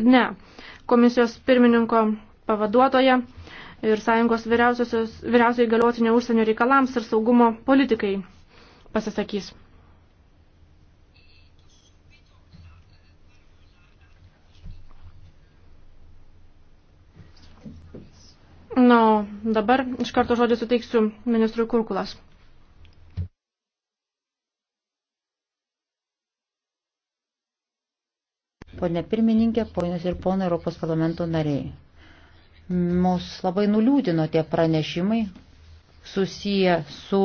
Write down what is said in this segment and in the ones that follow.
ne, komisijos pirmininko pavaduotoja ir sąjungos vyriausiai galiotinė užsienio reikalams ir saugumo politikai pasisakys. Na, no, dabar iš karto žodį suteiksiu ministrui Kurkulas. Pone pirmininkė, ponios ir pono Europos parlamento nariai. Mus labai nuliūdino tie pranešimai susiję su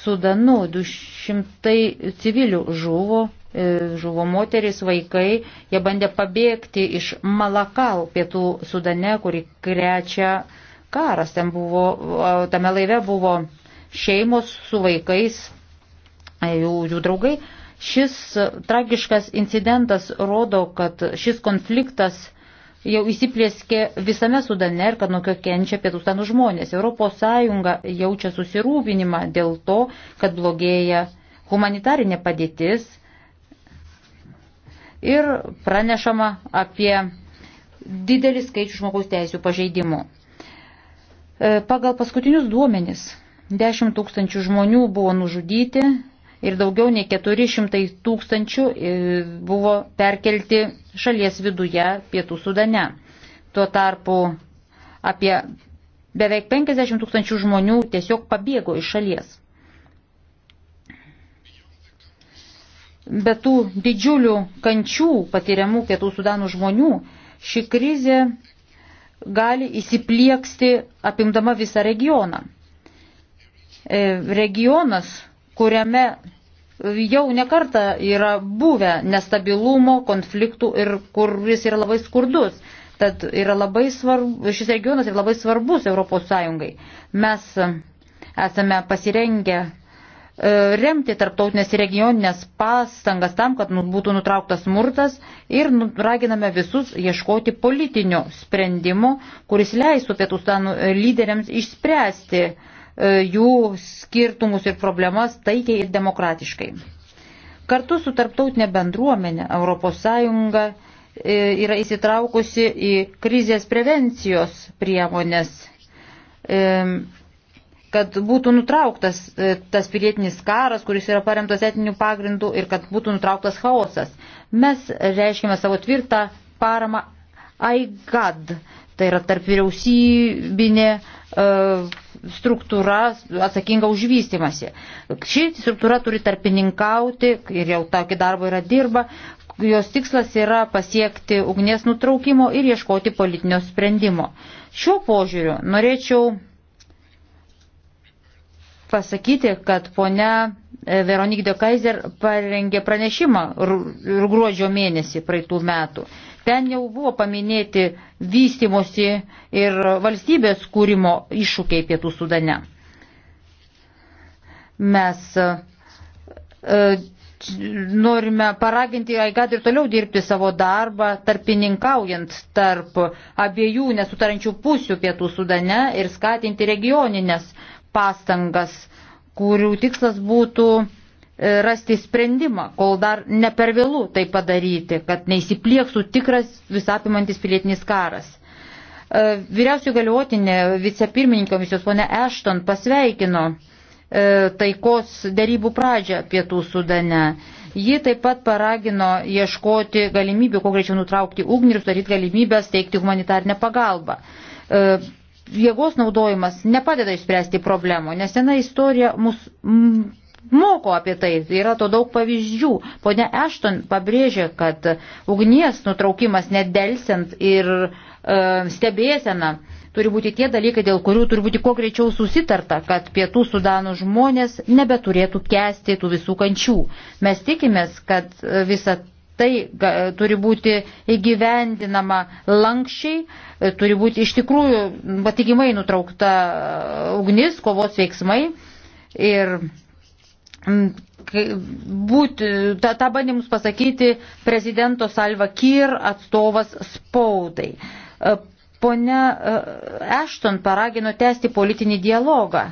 Sudanu. 200 civilių žuvo, e, žuvo moteris, vaikai. Jie bandė pabėgti iš Malakal pietų Sudane, kuri krečia karas. Ten buvo, tame laive buvo šeimos su vaikais, jų, jų draugai. Šis e, tragiškas incidentas rodo, kad šis konfliktas jau įsiplėskė visame Sudane ir kad nuo jo kenčia pietų stanų žmonės. ES jaučia susirūpinimą dėl to, kad blogėja humanitarinė padėtis ir pranešama apie didelį skaičių žmogaus teisų pažeidimų. E, pagal paskutinius duomenis 10 tūkstančių žmonių buvo nužudyti, ir daugiau nei 400 tūkstančių e, buvo perkelti šalies viduje pietų sudane. Tuo tarpu apie beveik 50 tūkstančių žmonių tiesiog pabėgo iš šalies. Be tų didžiulių kančių patiriamų pietų sudanų žmonių, ši krizė gali įsiplieksti apimdama visą regioną. E, regionas kuriame jau nekarta yra buvę nestabilumo, konfliktų ir kuris yra labai skurdus. Tad yra labai svarbu, šis regionas yra labai svarbus Europos Sąjungai. Mes e, esame pasirengę e, remti tarptautinės ir regioninės pastangas tam, kad nu, būtų nutrauktas smurtas ir nu, raginame visus ieškoti politinio sprendimo, kuris leistų pietų stanų lyderiams išspręsti uh, E, jų skirtumus ir problemas taikiai ir demokratiškai. Kartu su tarptautinė bendruomenė ES e, yra įsitraukusi į krizės prevencijos priemonės, e, kad būtų nutrauktas tas pilietinis karas, kuris yra paremtas etiniu pagrindu ir kad būtų nutrauktas chaosas. Mes reiškime savo tvirtą paramą AIGAD, tai yra tarp vyriausybinė struktūra atsakinga už vystimasi. Ši struktūra turi tarpininkauti ir jau tokį darbą yra dirba. Jos tikslas yra pasiekti ugnies nutraukimo ir ieškoti politinio sprendimo. Šiuo požiūriu norėčiau pasakyti, kad ponia e, Veronik de Kaiser parengė pranešimą gruodžio mėnesį praeitų metų. Ten jau buvo paminėti vystimosi ir valstybės kūrimo iššūkiai pietų sudane. Mes e, norime paraginti Aigad ir toliau dirbti savo darbą, tarpininkaujant tarp abiejų nesutarančių pusių pietų sudane ir skatinti regioninės pastangas, kurių tikslas būtų E, rasti sprendimą, kol dar ne per vėlų tai padaryti, kad neįsiplieksų tikras visapimantis pilietinis karas. E, Vyriausių galiotinė vicepirmininkė misijos ponė Ešton pasveikino e, taikos darybų pradžią pietų sudane. Ji taip pat paragino ieškoti galimybių, kuo greičiau nutraukti ugnį ir sudaryti galimybės teikti humanitarnę pagalbą jėgos naudojimas nepadeda išspręsti problemų, nes sena istorija mus moko apie tai, yra to daug pavyzdžių. Pone Ešton pabrėžė, kad ugnies nutraukimas nedelsiant ir e, stebėsena turi būti tie dalykai, dėl kurių turi būti kuo greičiau susitarta, kad pietų sudano žmonės nebeturėtų kesti tų visų kančių. Mes tikimės, kad visa tai turi būti įgyvendinama lankščiai, e, turi būti iš tikrųjų patikimai nutraukta ugnis, kovos veiksmai. Ir Mm, būti, tą, tą bandymus pasakyti prezidento Salva Kyr atstovas spaudai. E, Pone Ešton paragino tęsti politinį dialogą.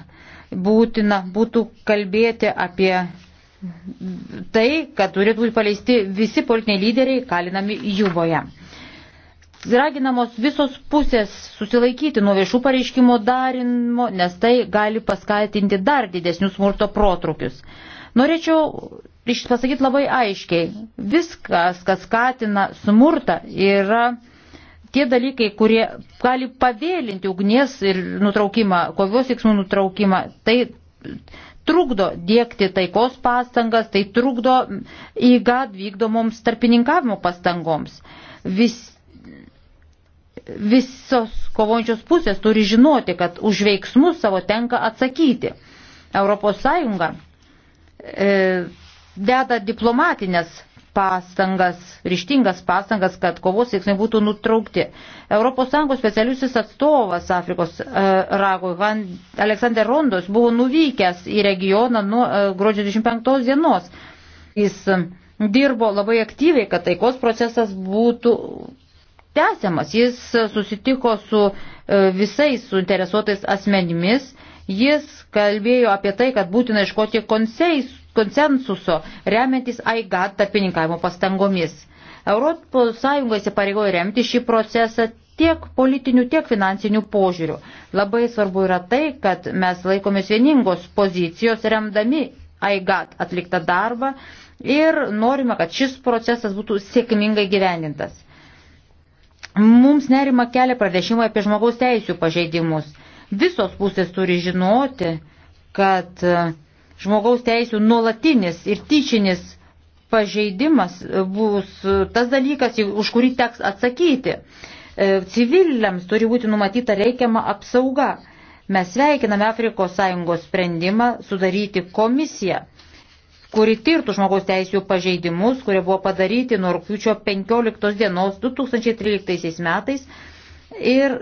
Būtina būtų kalbėti apie tai, kad turėtų būti paleisti visi politiniai lyderiai kalinami Juboje raginamos visos pusės susilaikyti nuo viešų pareiškimų darimo, nes tai gali paskatinti dar didesnius smurto protrukius. Norėčiau pasakyti labai aiškiai, viskas, kas skatina smurtą, yra tie dalykai, kurie gali pavėlinti ugnies ir nutraukimą, kovos veiksmų nutraukimą, tai trukdo dėkti taikos pastangas, tai trukdo įgad vykdomoms tarpininkavimo pastangoms. Vis visos kovojančios pusės turi žinoti, kad už veiksmus savo tenka atsakyti. ES e, deda diplomatinės pastangas, ryštingas pastangas, kad kovos veiksmai būtų nutraukti. ES specialiusis atstovas Afrikos e, ragui, Van, Aleksander Rondos, buvo nuvykęs į regioną nuo e, gruodžio 25 dienos. Jis dirbo labai aktyviai, kad taikos procesas būtų tęsiamas. Jis susitiko su e, visais suinteresuotais asmenimis, jis kalbėjo apie tai, kad būtina iškoti konseis, konsensuso, remiantis AIGAT tarpininkavimo pastangomis. ES įsipareigojo remti šį procesą tiek politinių, tiek finansinių požiūrių. Labai svarbu yra tai, kad mes laikomės vieningos pozicijos remdami AIGAT atliktą darbą ir norime, kad šis procesas būtų sėkmingai gyvenintas. Mums nerima kelia pradėšimai apie žmogaus teisų pažeidimus. Visos pusės turi žinoti, kad e, žmogaus teisų nuolatinis ir tyčinis pažeidimas e, bus e, tas dalykas, už kurį teks atsakyti. Civiliams turi būti numatyta reikiama apsauga. Mes sveikiname Afrikos Sąjungos sprendimą sudaryti komisiją kuri tirtų žmogaus teisų pažeidimus, kurie buvo padaryti nuo rūpiučio 15 dienos 2013 metais. Ir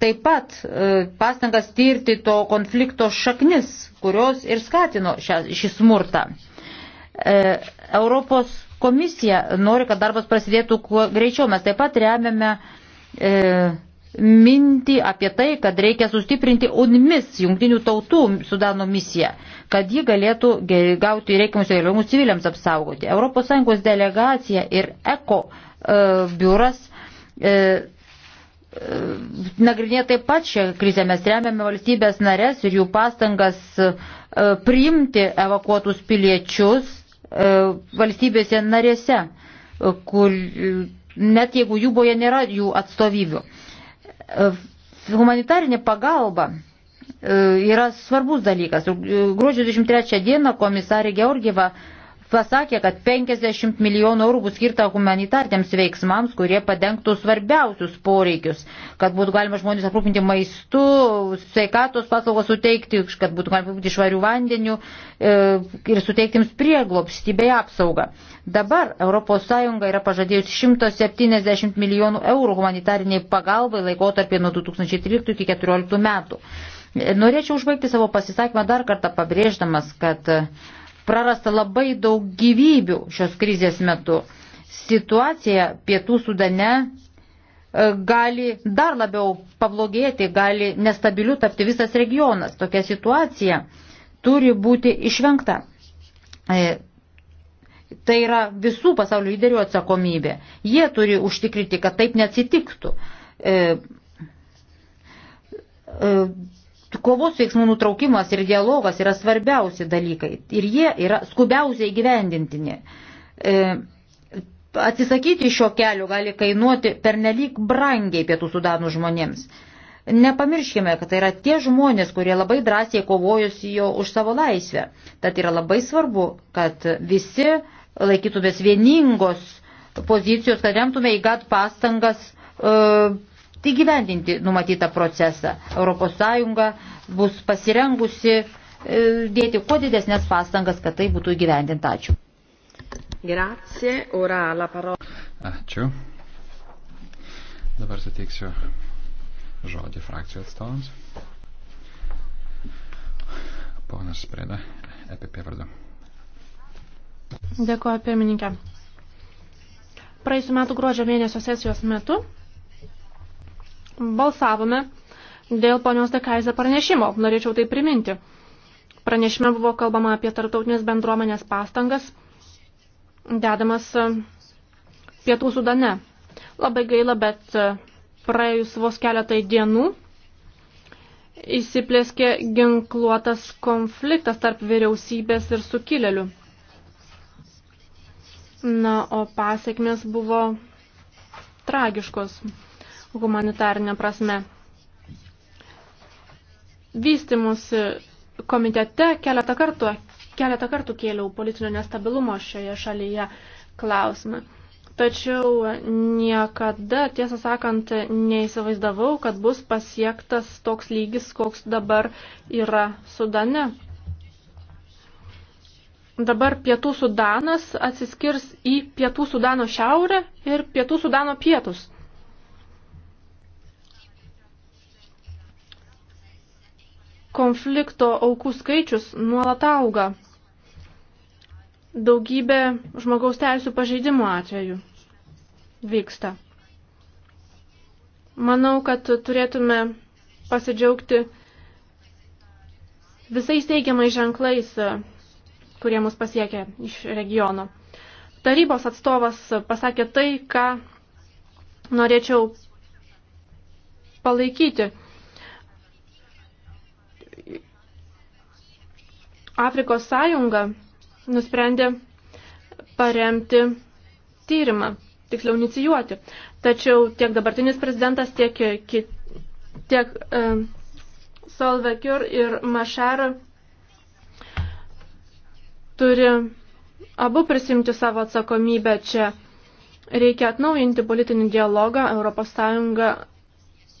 taip pat e, pastangas tirti to konflikto šaknis, kurios ir skatino šią, šį smurtą. E, Europos komisija nori, kad darbas prasidėtų kuo greičiau. Mes taip pat remiame e, mintį apie tai, kad reikia sustiprinti UNMIS, jungtinių tautų Sudano misiją, kad ji galėtų gauti reikiamus įgaliojimus civiliams apsaugoti. ES delegacija ir ECO e, biuras e, e, nagrinė taip pat šią krizę. Mes remiame valstybės narės ir jų pastangas e, priimti evakuotus piliečius e, valstybėse narėse, e, kur, net jeigu jų boje nėra jų atstovybių. E, humanitarinė pagalba e, yra svarbus dalykas. Gruodžio 23 dieną komisarė Georgieva pasakė, kad 50 milijonų eurų bus skirta humanitartėms veiksmams, kurie padengtų svarbiausius poreikius, kad būtų galima žmonės aprūpinti maistu, sveikatos paslaugos suteikti, kad būtų galima būti švarių vandenių e, ir suteikti jums prieglopstį bei apsaugą. Dabar ES yra pažadėjusi 170 milijonų eurų humanitariniai pagalbai laikotarpį nuo 2013 iki 2014 metų. Norėčiau užbaigti savo pasisakymą dar kartą pabrėždamas, kad prarasta labai daug gyvybių šios krizės metu. Situacija pietų sudane e, gali dar labiau pablogėti, gali nestabiliu tapti visas regionas. Tokia situacija turi būti išvengta. E, tai yra visų pasaulio lyderių atsakomybė. Jie turi užtikrinti, kad taip neatsitiktų. E, kovos veiksmų nutraukimas ir dialogas yra svarbiausi dalykai ir jie yra skubiausiai gyvendintini. E, atsisakyti šio kelio gali kainuoti pernelyg brangiai pietų sudanų žmonėms. Nepamirškime, kad tai yra tie žmonės, kurie labai drąsiai kovojosi jo už savo laisvę. Tad yra labai svarbu, kad visi laikytumės vieningos pozicijos, kad remtume į GAT pastangas e, įgyvendinti tai numatytą procesą. ES bus pasirengusi e, dėti kuo didesnės pastangas, kad tai būtų įgyvendinta. Ačiū. Grazie, ora la parola. Ačiū. Dabar suteiksiu žodį frakcijų atstovams. Ponas Spreda, EPP vardu. Dėkuoju, pirmininkė. Praėjusiu metu gruodžio mėnesio sesijos metu balsavome dėl ponios Dekaiser pranešimo. Norėčiau tai priminti. Pranešime buvo kalbama apie tarptautinės bendruomenės pastangas dedamas e, pietų sudane. Labai gaila, bet e, praėjus vos keletai dienų įsiplėskė ginkluotas konfliktas tarp vyriausybės ir sukilėlių. Na, o pasiekmes buvo tragiškos humanitarinė prasme. Vystimus komitete keletą kartų, keletą kartų kėliau politinio nestabilumo šioje šalyje klausimą. Tačiau niekada, tiesą sakant, neįsivaizdavau, kad bus pasiektas toks lygis, koks dabar yra Sudane. Dabar pietų Sudanas atsiskirs į pietų Sudano šiaurę ir pietų Sudano pietus. konflikto aukų skaičius nuolat auga. Daugybė žmogaus teisų pažeidimo atveju vyksta. Manau, kad turėtume pasidžiaugti visais teigiamais ženklais, kurie mus pasiekia iš regiono. Tarybos atstovas pasakė tai, ką norėčiau palaikyti. Afrikos sąjunga nusprendė paremti tyrimą, tiksliau inicijuoti. Tačiau tiek dabartinis prezidentas, tiek, tiek e, Solvekiur ir Mašar turi abu prisimti savo atsakomybę čia. Reikia atnaujinti politinį dialogą, ES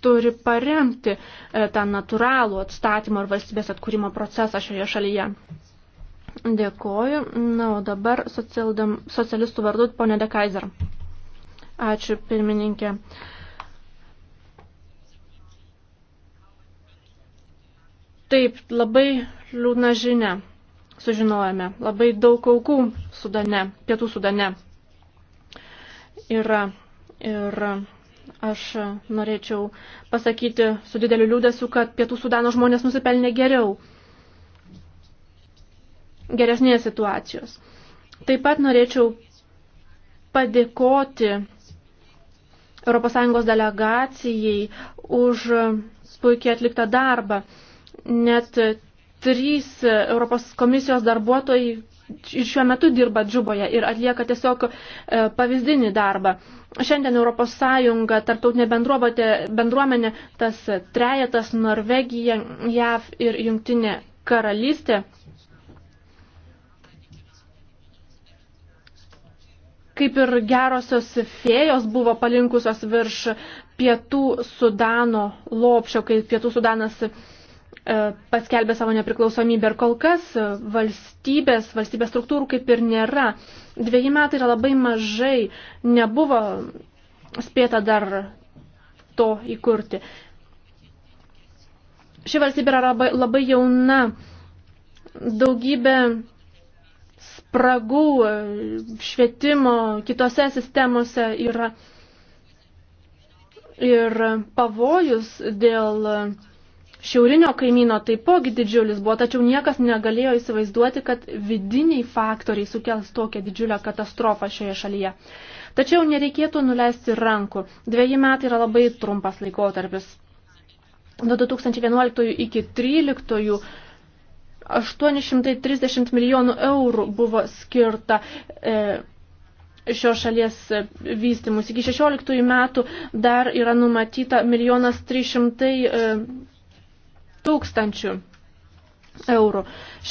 turi paremti e, tą natūralų atstatymo ir valstybės atkūrimo procesą šioje šalyje. Dėkoju. Na, o dabar socialistų vardu ponė De Kaiser. Ačiū, pirmininkė. Taip, labai liūdna žinia sužinojame. Labai daug aukų Sudane, pietų Sudane yra. Ir, ir Aš norėčiau pasakyti su dideliu liūdėsiu, kad pietų sudano žmonės nusipelnė geriau, geresnės situacijos. Taip pat norėčiau padėkoti ES delegacijai už puikiai atliktą darbą. Net trys Europos komisijos darbuotojai ir šiuo metu dirba Džuboje ir atlieka tiesiog e, pavyzdinį darbą. Šiandien Europos Sąjunga, tarptautinė bendruomenė, tas trejetas Norvegija, JAV ir Jungtinė karalystė. Kaip ir gerosios fėjos buvo palinkusios virš pietų Sudano lopšio, kai pietų Sudanas E, paskelbė savo nepriklausomybę ir kol kas valstybės, valstybės struktūrų kaip ir nėra. Dviejai metai yra labai mažai, nebuvo spėta dar to įkurti. Ši valstybė yra labai, labai jauna, daugybė spragų švietimo kitose sistemose yra ir pavojus dėl šiaurinio kaimyno taipogi didžiulis buvo, tačiau niekas negalėjo įsivaizduoti, kad vidiniai faktoriai sukels tokią didžiulę katastrofą šioje šalyje. Tačiau nereikėtų nuleisti rankų. Dviejai metai yra labai trumpas laikotarpis. Nuo 2011 iki 2013 830 milijonų eurų buvo skirta e, šios šalies vystimus. Iki 16 metų dar yra numatyta milijonas 300 e, tūkstančių eurų.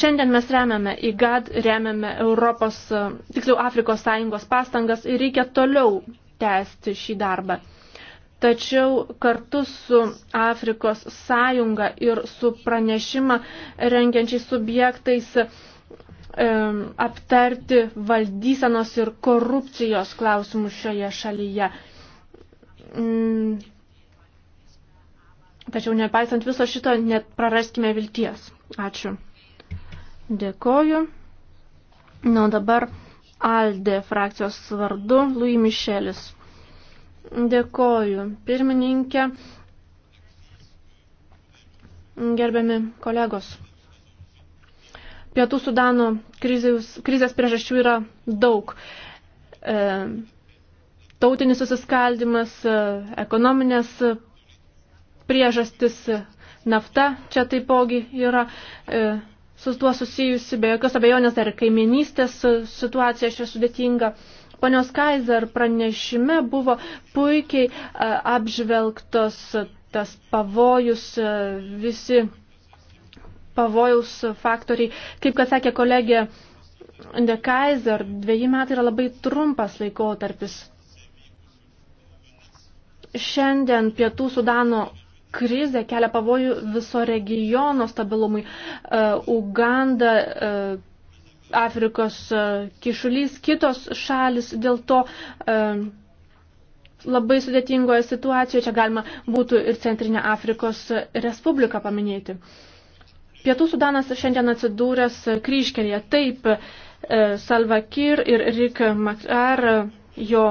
Šiandien mes remiame IGAD, remiame Europos, e, tiksliau Afrikos Sąjungos pastangas ir reikia toliau tęsti šį darbą. Tačiau kartu su Afrikos Sąjunga ir su pranešimą rengiančiais subjektais e, aptarti valdysenos ir korupcijos klausimus šioje šalyje mm, Tačiau nepaisant viso šito, net praraskime vilties. Ačiū. Dėkoju. Na, dabar Alde frakcijos vardu Lui Mišelis. Dėkoju, pirmininkė. Gerbiami kolegos. Pietų Sudano krizės, krizės priežasčių yra daug. E, tautinis susiskaldimas, e, ekonominės priežastis nafta čia taipogi yra e, su tuo susijusi, be jokios abejonės dar ir kaiminystės situacija šia sudėtinga. Ponios Kaiser pranešime buvo puikiai e, apžvelgtos tas pavojus, e, visi pavojaus faktoriai. Kaip kad sakė kolegė De Kaiser, dviejai metai yra labai trumpas laikotarpis. Šiandien pietų Sudano krizė kelia pavojų viso regiono stabilumui. E, Uganda, e, Afrikos e, kišulys, kitos šalis dėl to labai sudėtingoje situacijoje. Čia galima būtų ir Centrinė Afrikos Respublika paminėti. Pietų Sudanas šiandien atsidūręs kryškelėje. Taip, Salva Kir ir Rik Makar, jo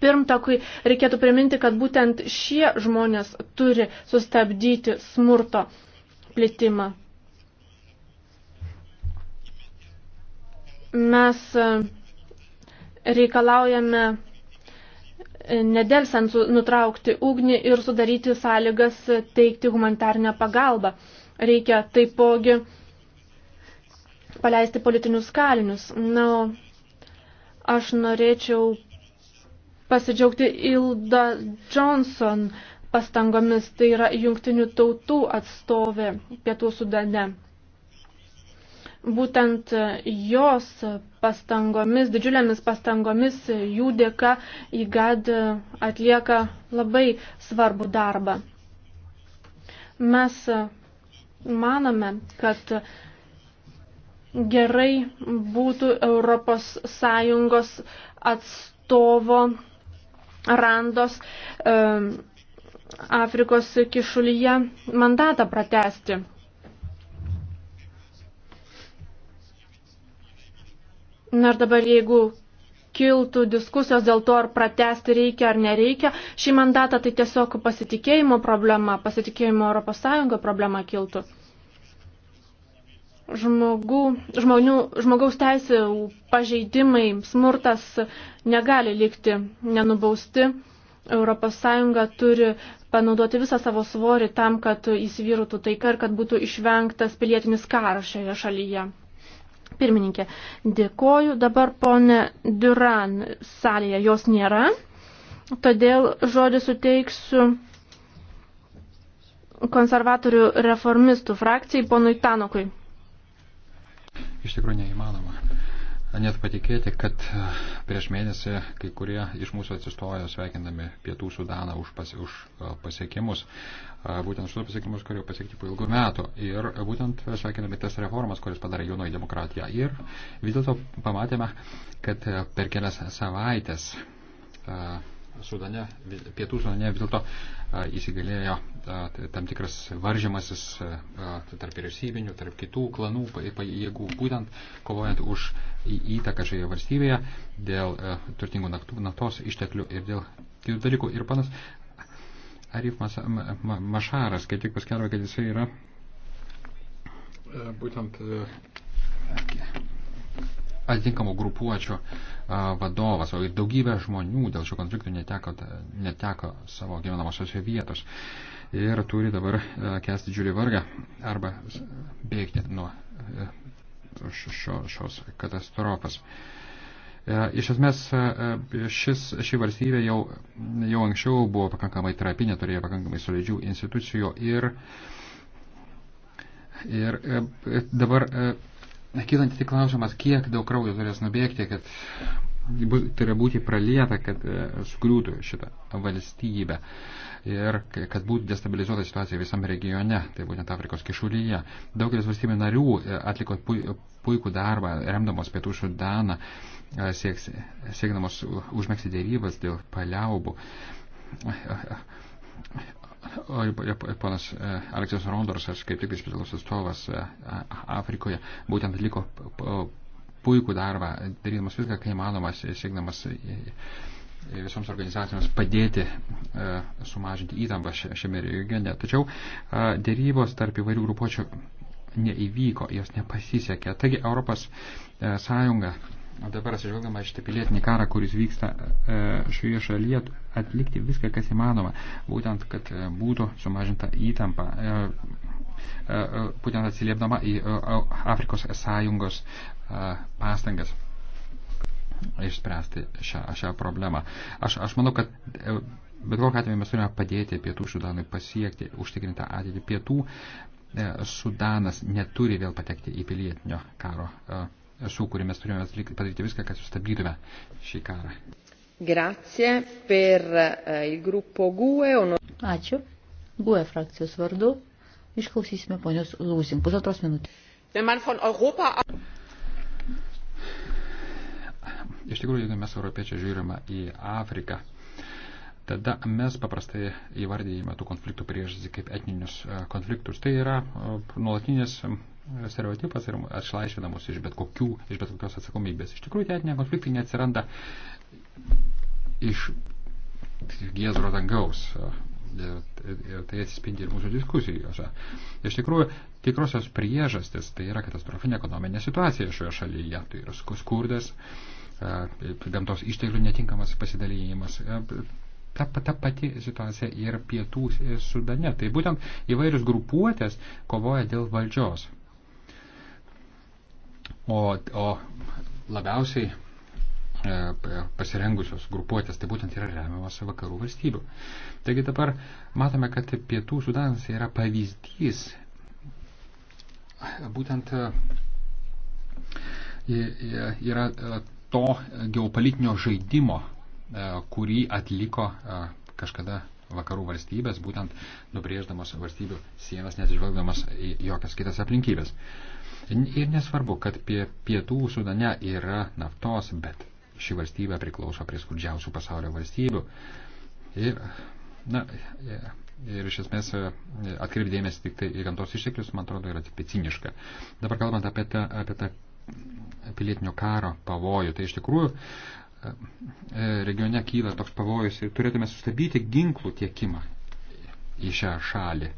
pirmtakui reikėtų priminti, kad būtent šie žmonės turi sustabdyti smurto plitimą. Mes e, reikalaujame e, nedelsiant nutraukti ugnį ir sudaryti sąlygas teikti humanitarnę pagalbą. Reikia taipogi paleisti politinius kalinius. Na, aš norėčiau pasidžiaugti Ilda Johnson pastangomis, tai yra jungtinių tautų atstovė Pietų Sudane. Būtent jos pastangomis, didžiulėmis pastangomis, jų dėka įgad atlieka labai svarbų darbą. Mes manome, kad gerai būtų Europos Sąjungos atstovo randos um, Afrikos kišulyje mandatą pratesti. Na ir dabar jeigu kiltų diskusijos dėl to, ar pratesti reikia ar nereikia, šį mandatą tai tiesiog pasitikėjimo problema, pasitikėjimo ES problema kiltų žmogų, žmonių, žmogaus teisų pažeidimai, smurtas negali likti nenubausti. ES turi panaudoti visą savo svorį tam, kad įsivyrutų taika ir kad būtų išvengtas pilietinis karas šioje šalyje. Pirmininkė, dėkoju. Dabar ponė Duran salėje jos nėra, todėl žodį suteiksiu konservatorių reformistų frakcijai ponui Tanokui. Iš tikrųjų neįmanoma. Net patikėti, kad e, prieš mėnesį kai kurie iš mūsų atsistojo sveikindami Pietų Sudaną už, pas, už e, pasiekimus, e, būtent šių pasiekimus, kurių pasiekti po ilgų metų. Ir būtent sveikindami tas reformas, kuris padarė jaunoji demokratija. Ir vis dėlto pamatėme, kad per kelias savaitės. Uh, Sudane, pietų Sudane vis dėlto įsigalėjo tam tikras varžymasis tarp vyriausybinių, tarp kitų klanų pajėgų, būtent kovojant už įtaką šioje valstybėje dėl turtingų naftos išteklių ir dėl kitų dalykų. Ir panas Arif Mašaras, kai tik paskelbė, kad jisai yra būtent atitinkamų grupuočių uh, vadovas, o ir daugybė žmonių dėl šio konflikto neteko, neteko savo gyvenamosios vietos ir turi dabar kesti didžiulį vargą arba bėgti nuo e, šio, šios katastrofos. E, iš esmės, šis, ši valstybė jau, jau anksčiau buvo pakankamai trapinė, turėjo pakankamai solidžių institucijų ir, ir e, dabar kylanti tik klausimas, kiek daug kraujo turės nubėgti, kad turi būti pralieta, kad e, sugriūtų šitą valstybę ir kad būtų destabilizuota situacija visam regione, tai būtent Afrikos kišulyje. Daugelis valstybių narių e, atliko puikų darbą, remdamos pietų Sudaną, e, sieks, siekdamos užmėgsti dėrybas dėl paliaubų. O ponas e, Aleksas Rondorsas, kaip tik specialus atstovas e, Afrikoje, būtent atliko puikų darbą, darydamas viską, kai manomas, e, siekdamas visoms organizacijoms padėti sumažinti įtampą šiame regione. Tačiau dėrybos tarp įvairių grupuočių neįvyko, jos nepasisekė. Taigi Europos Sąjunga dabar atsižvelgiama šitą pilietinį karą, kuris vyksta e, šioje šalyje, atlikti viską, kas įmanoma, būtent, kad e, būtų sumažinta įtampa, e, būtent atsiliepdama į Afrikos sąjungos pastangas išspręsti šią, šią problemą. Aš, aš manau, kad bet kokiu atveju mes turime padėti pietų Sudanui pasiekti užtikrintą ateitį. Pietų Sudanas neturi vėl patekti į pilietinio karo esu, kurį mes turime padaryti viską, kad sustabdytume šį karą. Grazie per eh, il gruppo GUE. Ono... Ačiū. GUE frakcijos vardu. Išklausysime ponios Lūzin. Pusantros minutės. Iš tikrųjų, jeigu mes europiečiai žiūrime į Afriką, tada mes paprastai įvardyjame tų konfliktų priežastį kaip etninius eh, konfliktus. Tai yra eh, nuolatinės stereotipas ir atšlaisvina mus iš bet, kokių, iš bet kokios atsakomybės. Iš tikrųjų, tie etiniai konfliktai neatsiranda iš giezro dangaus. Ir tai atsispindi ir mūsų diskusijose. Iš tikrųjų, tikrosios priežastis tai yra katastrofinė ekonominė situacija šioje šalyje. Tai yra skurdas, gamtos išteklių netinkamas pasidalyjimas. Ta, ta pati situacija ir pietų e, sudane. Tai būtent įvairius grupuotės kovoja dėl valdžios. O, o labiausiai e, pasirengusios grupuotės, tai būtent yra remiamas vakarų valstybių. Taigi dabar matome, kad pietų Sudanas yra pavyzdys būtent e, e, yra to geopolitinio žaidimo, kurį atliko kažkada vakarų valstybės, būtent nubrėždamas valstybių sienas, nesižvelgdamas į jokias kitas aplinkybės. Ir nesvarbu, kad pie pietų sudane yra naftos, bet ši valstybė priklauso prie skurdžiausių pasaulio valstybių. Ir, na, e, ir iš esmės e, atkreipdėmės tik tai į gamtos išteklius, man atrodo, yra tik tai ciniška. Dabar kalbant apie tą, apie tą pilietinio karo pavojų, tai iš tikrųjų e, regione kyla toks pavojus ir turėtume sustabdyti ginklų tiekimą į šią šalį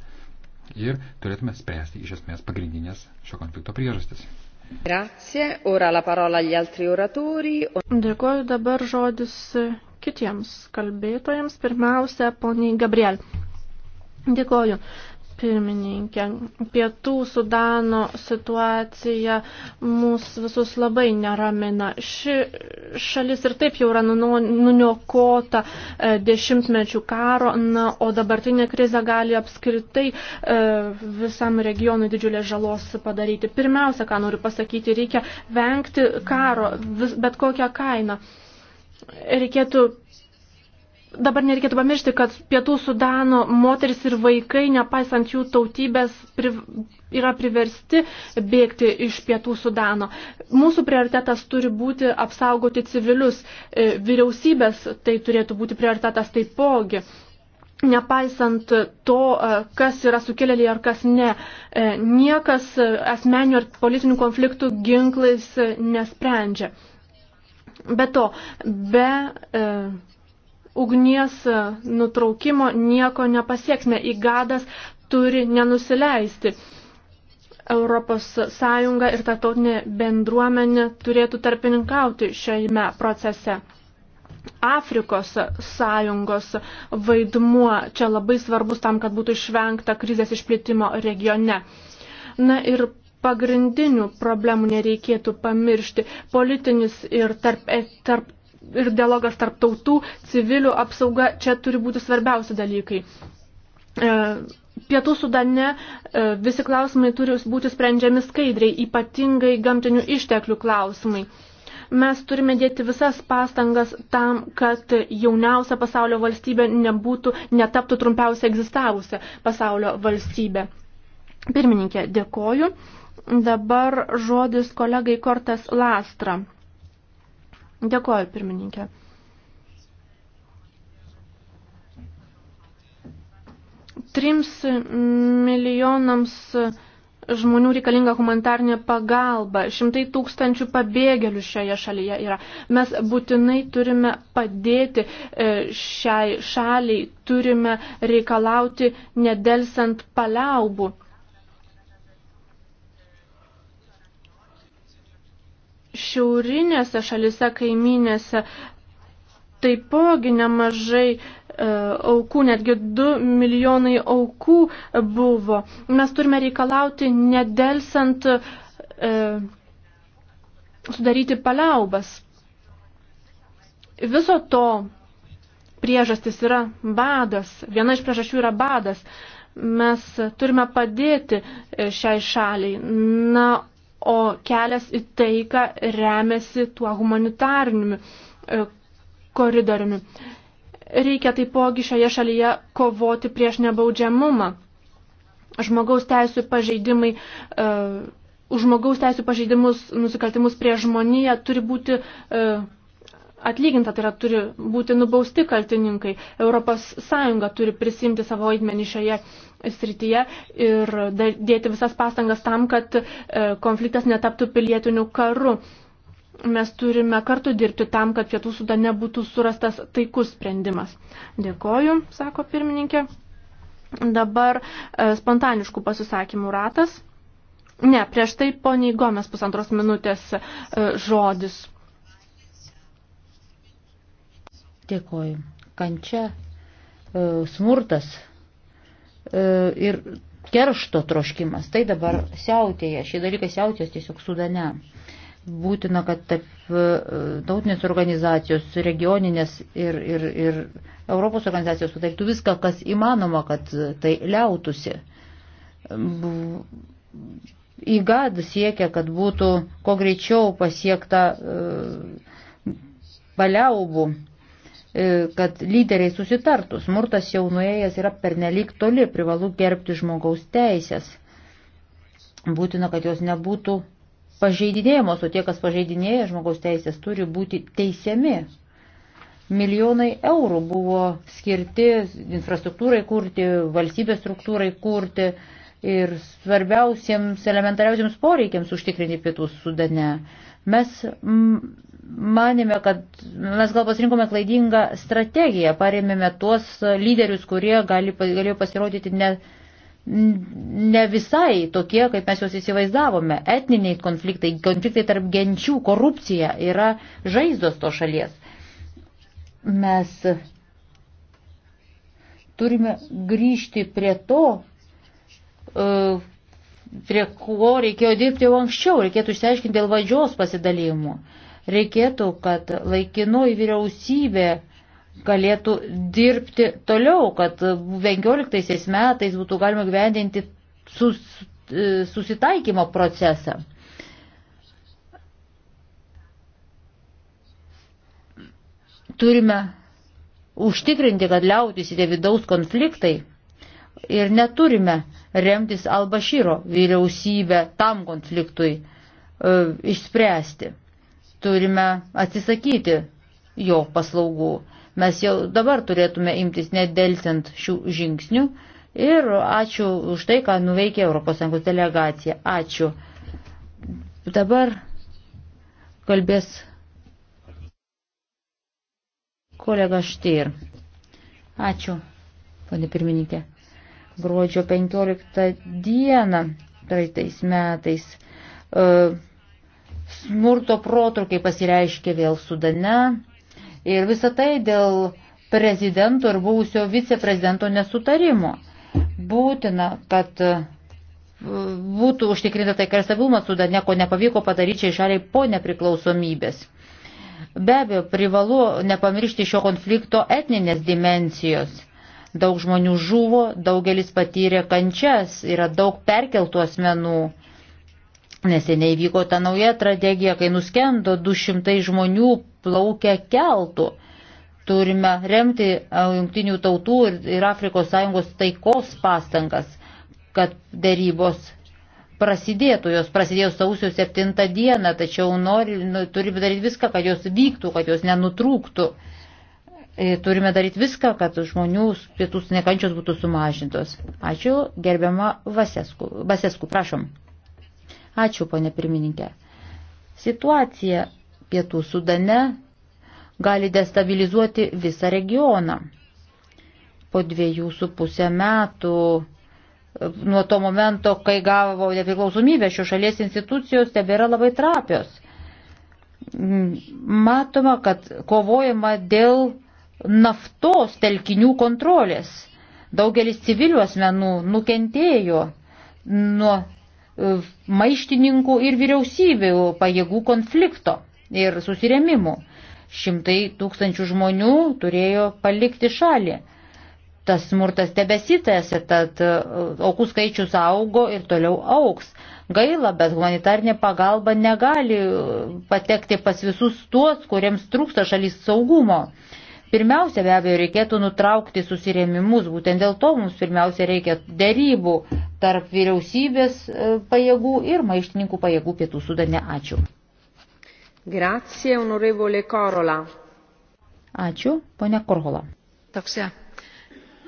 ir turėtume spręsti iš esmės pagrindinės šio konflikto priežastis. Dėkuoju dabar žodis kitiems kalbėtojams. Pirmiausia, poniai Gabriel. Dėkuoju pirmininkė. Pietų Sudano situacija mūsų visus labai neramina. Ši šalis ir taip jau yra nuniokota e, dešimtmečių karo, na, o dabartinė krize gali apskritai e, visam regionui didžiulės žalos padaryti. Pirmiausia, ką noriu pasakyti, reikia vengti karo, vis, bet kokią kainą. Reikėtų dabar nereikėtų pamiršti, kad pietų sudano moteris ir vaikai, nepaisant jų tautybės, priv, yra priversti bėgti iš pietų sudano. Mūsų prioritetas turi būti apsaugoti civilius, e, vyriausybės tai turėtų būti prioritetas taipogi. Nepaisant to, e, kas yra sukėlėliai ar kas ne, e, niekas asmeninių ar politinių konfliktų ginklais nesprendžia. Be to, be. E, ugnies nutraukimo nieko nepasieksime. Įgadas turi nenusileisti. Europos Sąjunga ir tarptautinė bendruomenė turėtų tarpininkauti šiame procese. Afrikos sąjungos vaidmuo čia labai svarbus tam, kad būtų išvengta krizės išplėtimo regione. Na ir pagrindinių problemų nereikėtų pamiršti. Politinis ir tarp, e, tarp ir dialogas tarp tautų, civilių apsauga, čia turi būti svarbiausi dalykai. E, Pietų Sudane e, visi klausimai turi būti sprendžiami skaidriai, ypatingai gamtinių išteklių klausimai. Mes turime dėti visas pastangas tam, kad jauniausia pasaulio valstybė nebūtų, netaptų trumpiausia egzistavusią pasaulio valstybę. Pirmininkė, dėkoju. Dabar žodis kolegai Kortes Lastra. Dėkuoju, pirmininkė. Trims milijonams žmonių reikalinga humanitarnė pagalba, šimtai tūkstančių pabėgėlių šioje šalyje yra. Mes būtinai turime padėti e, šiai šaliai, turime reikalauti nedelsant paliaubų. šiaurinėse šalise kaiminėse taipogi nemažai e, aukų, netgi 2 milijonai aukų buvo. Mes turime reikalauti nedelsant e, sudaryti paliaubas. Viso to priežastis yra badas. Viena iš priežasčių yra badas. Mes turime padėti e, šiai šaliai. Na, o kelias į taiką remiasi tuo humanitariniu e, koridoriumi. Reikia taipogi šioje šalyje kovoti prieš nebaudžiamumą. Žmogaus teisų pažeidimai, uh, už žmogaus teisų pažeidimus, nusikaltimus prieš žmoniją turi būti uh, atlyginta, tai yra turi būti nubausti kaltininkai. Europos Sąjunga turi prisimti savo vaidmenį šioje uh, srityje ir dėti visas pastangas tam, kad e, konfliktas netaptų pilietiniu karu. Mes turime kartu dirbti tam, kad pietų sudane būtų surastas taikus sprendimas. Dėkoju, sako pirmininkė. Dabar e, spontaniškų pasisakymų ratas. Ne, prieš tai poniai Gomes pusantros minutės e, žodis. Dėkoju. Kančia, smurtas E, ir keršto troškimas. Tai dabar siautėja, šie dalykai siautės tiesiog sudane. Būtina, kad taip, e, tautinės organizacijos, regioninės ir, ir, ir Europos organizacijos padarytų viską, kas įmanoma, kad tai liautusi. IGAD siekia, kad būtų kuo greičiau pasiekta e, paliaubų. E, E, kad lyderiai susitartų. Smurtas jau nuėjęs yra pernelyg toli, privalu gerbti žmogaus teisės. Būtina, kad jos nebūtų pažeidinėjamos, o tie, kas pažeidinėja žmogaus teisės, turi būti teisiami. Milijonai eurų buvo skirti infrastruktūrai kurti, valstybės struktūrai kurti ir svarbiausiems elementariausiems poreikiams užtikrinti pietų sudane. Mes manėme, kad mes gal pasirinkome klaidingą strategiją, parėmėme tuos lyderius, kurie gali, galėjo pasirodyti ne, ne visai tokie, kaip mes juos įsivaizdavome. Etniniai konfliktai, konfliktai tarp genčių, korupcija yra žaizdos to šalies. Mes turime grįžti prie to, e, prie ko reikėjo dirbti jau anksčiau, reikėtų išsiaiškinti dėl valdžios pasidalymų. Reikėtų, kad laikinoji vyriausybė galėtų dirbti toliau, kad 15 metais būtų galima gyvendinti sus, e, susitaikymo procesą. Turime užtikrinti, kad liautis į vidaus konfliktai ir neturime remtis Albašyro vyriausybę tam konfliktui e, išspręsti. Turime atsisakyti jo paslaugų. Mes jau dabar turėtume imtis nedelsiant šių žingsnių ir ačiū už tai, ką nuveikė ES delegacija. Ačiū. Dabar kalbės kolega Štyr. Ačiū, ponė pirmininkė gruodžio 15 dieną praeitais metais e, smurto protrukiai pasireiškė vėl Sudane ir visa tai dėl prezidento ir buvusio viceprezidento nesutarimo. Būtina, kad e, būtų užtikrinta taika ir stabilumas Sudane, ko nepavyko padaryti šiai šaliai po nepriklausomybės. Be abejo, privalu nepamiršti šio konflikto etninės dimensijos Daug žmonių žuvo, daugelis patyrė kančias, yra daug perkeltų asmenų. Neseniai vyko ta nauja tragedija, kai nuskendo 200 žmonių plaukę keltų. Turime remti Junktinių tautų ir Afrikos Sąjungos taikos pastangas, kad dėrybos prasidėtų. Jos prasidėjo sausio 7 dieną, tačiau nori, nu, turime daryti viską, kad jos vyktų, kad jos nenutrūktų. E, turime daryti viską, kad žmonių pietų nekančios būtų sumažintos. Ačiū, gerbiama Vasesku. Vasesku, prašom. Ačiū, ponė pirmininkė. Situacija pietų sudane gali destabilizuoti visą regioną. Po dviejų su pusę metų e, nuo to momento, kai gavo nepriklausomybę, šios šalies institucijos tebėra labai trapios. Matoma, kad kovojama dėl naftos telkinių kontrolės. Daugelis civilių asmenų nukentėjo nuo e, maištininkų ir vyriausybių pajėgų konflikto ir susiremimų. Šimtai tūkstančių žmonių turėjo palikti šalį. Tas smurtas tebesitęsia, tad e, aukų skaičius augo ir toliau auks. Gaila, bet humanitarnė pagalba negali e, patekti pas visus tuos, kuriems trūksta šalis saugumo. Pirmiausia, be abejo, reikėtų nutraukti susirėmimus, būtent dėl to mums pirmiausia reikia dėrybų tarp vyriausybės e, pajėgų ir maištininkų pajėgų pietų sudane. Ačiū. Grazie, onorevole Korola. Ačiū, ponia Korhola. Toksia.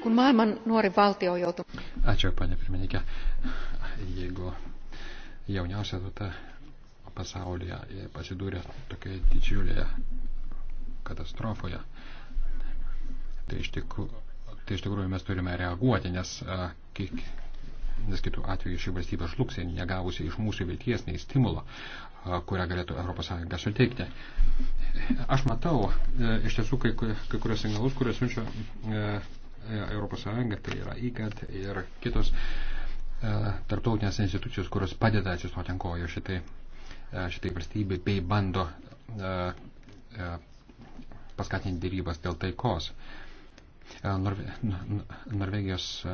Kun maailman nuori valtio joutuu... Ačiū, ponia pirmininkė. Jeigu jauniausia tauta pasaulyje e, pasidūrė tokioje didžiulėje katastrofoje, Tai iš, tikrų, tai iš tikrųjų mes turime reaguoti, nes, a, kiek, nes kitų atveju ši valstybė žlugs, negavusi iš mūsų vilties, nei stimulo, a, kurią galėtų ES suteikti. Aš matau a, e, iš tiesų kai, kai kurios signalus, kuriuos siunčia ES, e, tai yra IGAT ir kitos e, tarptautinės institucijos, kurios padeda atsistoti ant kojų šitai, šitai valstybei bei bando paskatinti dėrybas dėl taikos. Uh, E, Norve, Norvegijos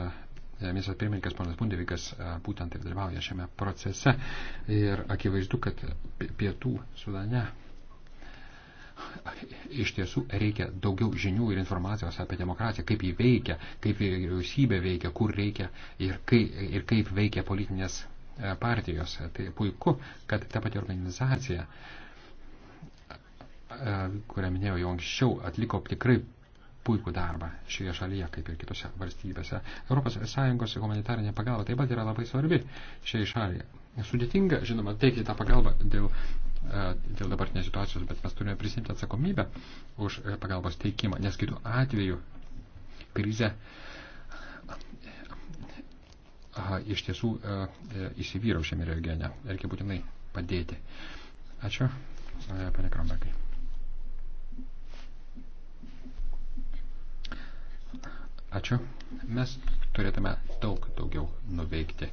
e, ministras pirmininkas ponas Bundevikas e, būtent ir dalyvauja šiame procese ir akivaizdu, kad pietų sudane iš tiesų reikia daugiau žinių ir informacijos apie demokratiją, kaip jį veikia, kaip vyriausybė veikia, kur reikia ir kaip, ir kaip veikia politinės partijos. Tai puiku, kad ta pati organizacija kurią minėjau jau anksčiau, atliko tikrai puikų darbą šioje šalyje, kaip ir kitose valstybėse. ES humanitarinė pagalba taip pat yra labai svarbi šiai šaliai. Sudėtinga, žinoma, teikti tą pagalbą dėl, e, dėl dabartinės situacijos, bet mes turime prisimti atsakomybę už e, pagalbos teikimą, nes kitų atveju krize iš tiesų e, įsivyrau šiame regione. Reikia būtinai padėti. Ačiū, pane Krombergai. Ačiū. Mes turėtume daug daugiau nuveikti,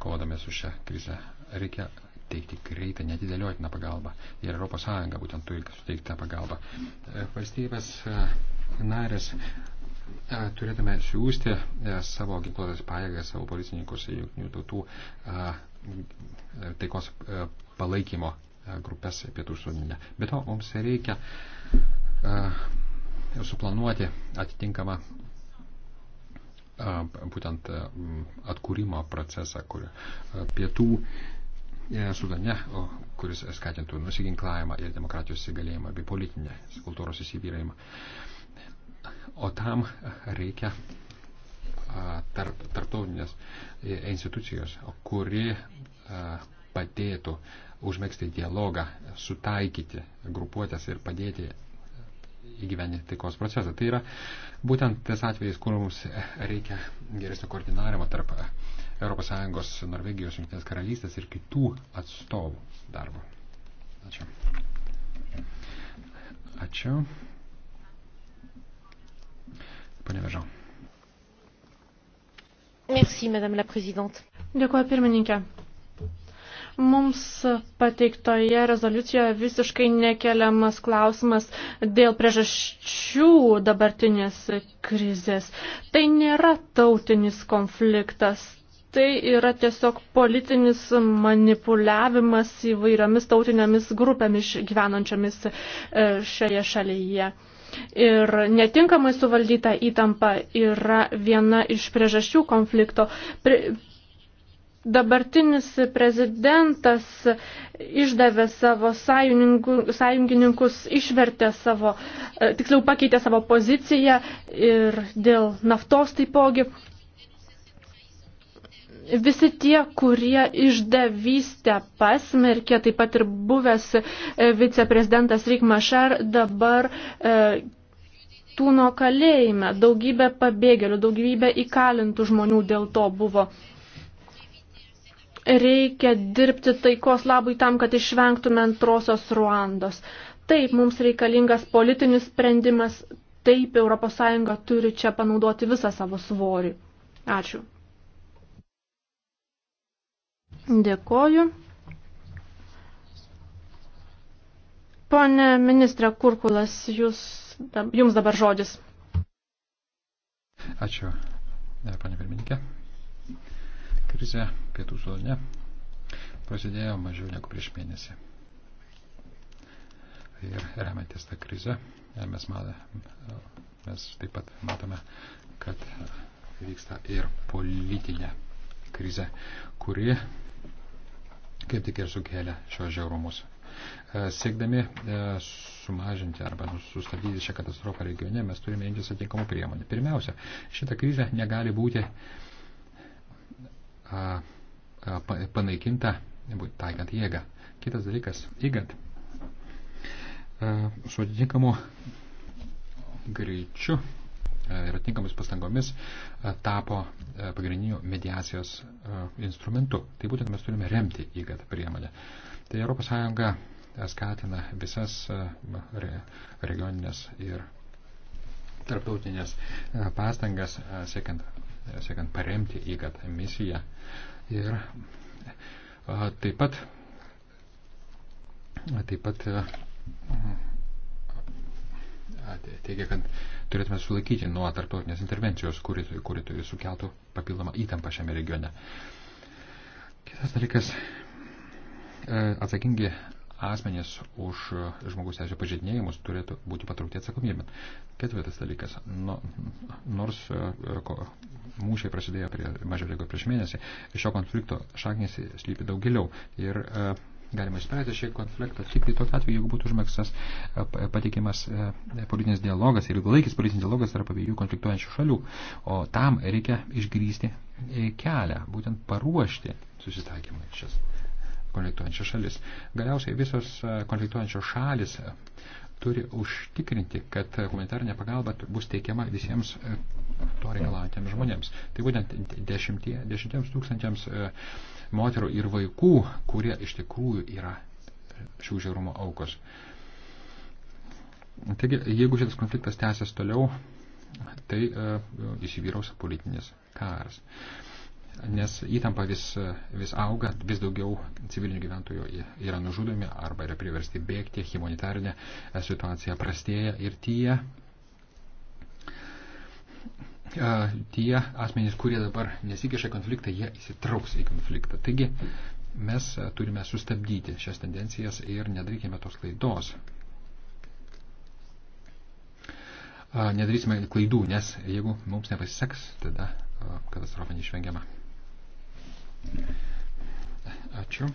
kovodami su šią krizę. Reikia teikti greitą, netidėliotiną pagalbą. Ir ES būtent turi suteikti tą pagalbą. E, valstybės e, narės e, turėtume siūsti savo ginkluotės pajėgas, savo policininkus į jungtinių tautų taikos palaikymo grupės pietų sudinę. Be to, mums reikia suplanuoti atitinkamą būtent atkūrimo procesą, kur pietų e, Sudane, kuris skatintų nusiginklavimą ir demokratijos įgalėjimą bei politinę kultūros įsivyrėjimą. O tam reikia tarp, tarptautinės e, institucijos, kuri padėtų užmėgsti dialogą, sutaikyti grupuotės ir padėti įgyveninti taikos procesą. Tai yra būtent tas atvejis, kur mums reikia geresnio koordinavimo tarp ES, Norvegijos, Junktinės karalystės ir kitų atstovų darbo. Ačiū. Ačiū. Pane Vežau. Merci, Madame la Présidente. Dėkuoju, pirmininkė. Mums pateiktoje rezoliucijoje visiškai nekeliamas klausimas dėl priežasčių dabartinės krizės. Tai nėra tautinis konfliktas, tai yra tiesiog politinis manipuliavimas įvairiomis tautinėmis grupėmis gyvenančiomis e, šioje šalyje. Ir netinkamai suvaldyta įtampa yra viena iš priežasčių konflikto. Pri dabartinis prezidentas išdavė savo sąjungininkus, išvertė savo, e, tiksliau pakeitė savo poziciją ir dėl naftos taipogi. Visi tie, kurie išdavystę pasmerkė, taip pat ir buvęs e, viceprezidentas Rikmašar, dabar e, tūno kalėjime daugybė pabėgėlių, daugybė įkalintų žmonių dėl to buvo. E, reikia dirbti taikos labui tam, kad išvengtume antrosios Ruandos. Taip, mums reikalingas politinis sprendimas, taip ES turi čia panaudoti visą savo svorį. Ačiū. Dėkoju. Pone ministrė Kurkulas, jūs, jums dabar žodis. Ačiū, e, pane pirmininkė. Krize pietų sudane prasidėjo mažiau negu prieš mėnesį. Ir remiantis tą krizę, mes, matome, mes taip pat matome, kad vyksta ir politinė krizė, kuri kaip tik ir sukelia šios žiaurumus. Siekdami e, sumažinti arba nu, sustabdyti šią katastrofą regione, mes turime imtis atitinkamų priemonių. Pirmiausia, šita krizė negali būti a, panaikinta, taikant jėgą. Kitas dalykas, įgat su atitinkamu greičiu ir atitinkamis pastangomis tapo pagrindiniu mediacijos instrumentu. Tai būtent mes turime remti įgat priemonę. Tai ES skatina visas regioninės ir tarptautinės pastangas siekiant, siekiant paremti įgat misiją Ir a, taip pat, a, taip pat a, a, teigia, kad turėtume sulaikyti nuo tarptautinės intervencijos, kuri, kuri turi sukeltų papildomą įtampą šiame regione. Kitas dalykas, a, e, atsakingi asmenys už žmogus teisų pažeidinėjimus turėtų būti patraukti atsakomybė. Ketvirtas dalykas. Nu, nors e, ko, mūšiai prasidėjo prie, mažiau negu prieš mėnesį, šio konflikto šaknis slypi daug giliau. Ir, e, Galima išspręsti šį konfliktą tik tai tokiu atveju, jeigu būtų užmėgstas e, patikimas e, politinis dialogas ir ilgalaikis politinis dialogas tarp abiejų konfliktuojančių šalių. O tam reikia išgrysti kelią, būtent paruošti susitaikymui šias konfliktuojančias šalis. Galiausiai visos e, konfliktuojančios šalis e, turi užtikrinti, kad humanitarinė pagalba bus teikiama visiems e, to reikalaujantiems žmonėms. Tai būtent dešimtie, dešimtiems tūkstančiams moterų ir vaikų, kurie iš tikrųjų yra šių žiaurumo aukos. Taigi, jeigu šitas konfliktas tęsis toliau, tai e, įsivyraus politinis karas. E, nes įtampa vis, vis auga, vis daugiau civilinių gyventojų yra nužudomi arba yra priversti bėgti, humanitarinė e, situacija prastėja ir tie, e, tie asmenys, kurie dabar nesikiša konfliktą, jie įsitrauks į konfliktą. Taigi mes e, turime sustabdyti šias tendencijas ir nedarykime tos klaidos, nedarysime klaidų, nes jeigu mums nepasiseks, tada katastrofa neišvengiama. Ačiū.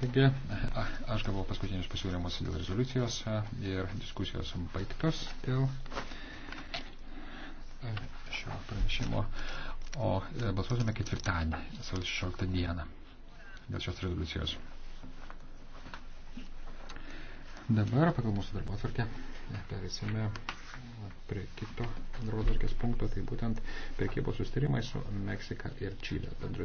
Taigi, aš gavau paskutinius pasiūlymus dėl rezoliucijos ir diskusijos baigtos dėl šio pranešimo. O e, balsuosime ketvirtadienį, sausio 16 dieną, dėl šios rezoliucijos. Dabar pagal mūsų darbo atvarkę e, perėsime prie kito darbotvarkės punkto, tai būtent priekybos sustarimai su Meksika ir Čilė.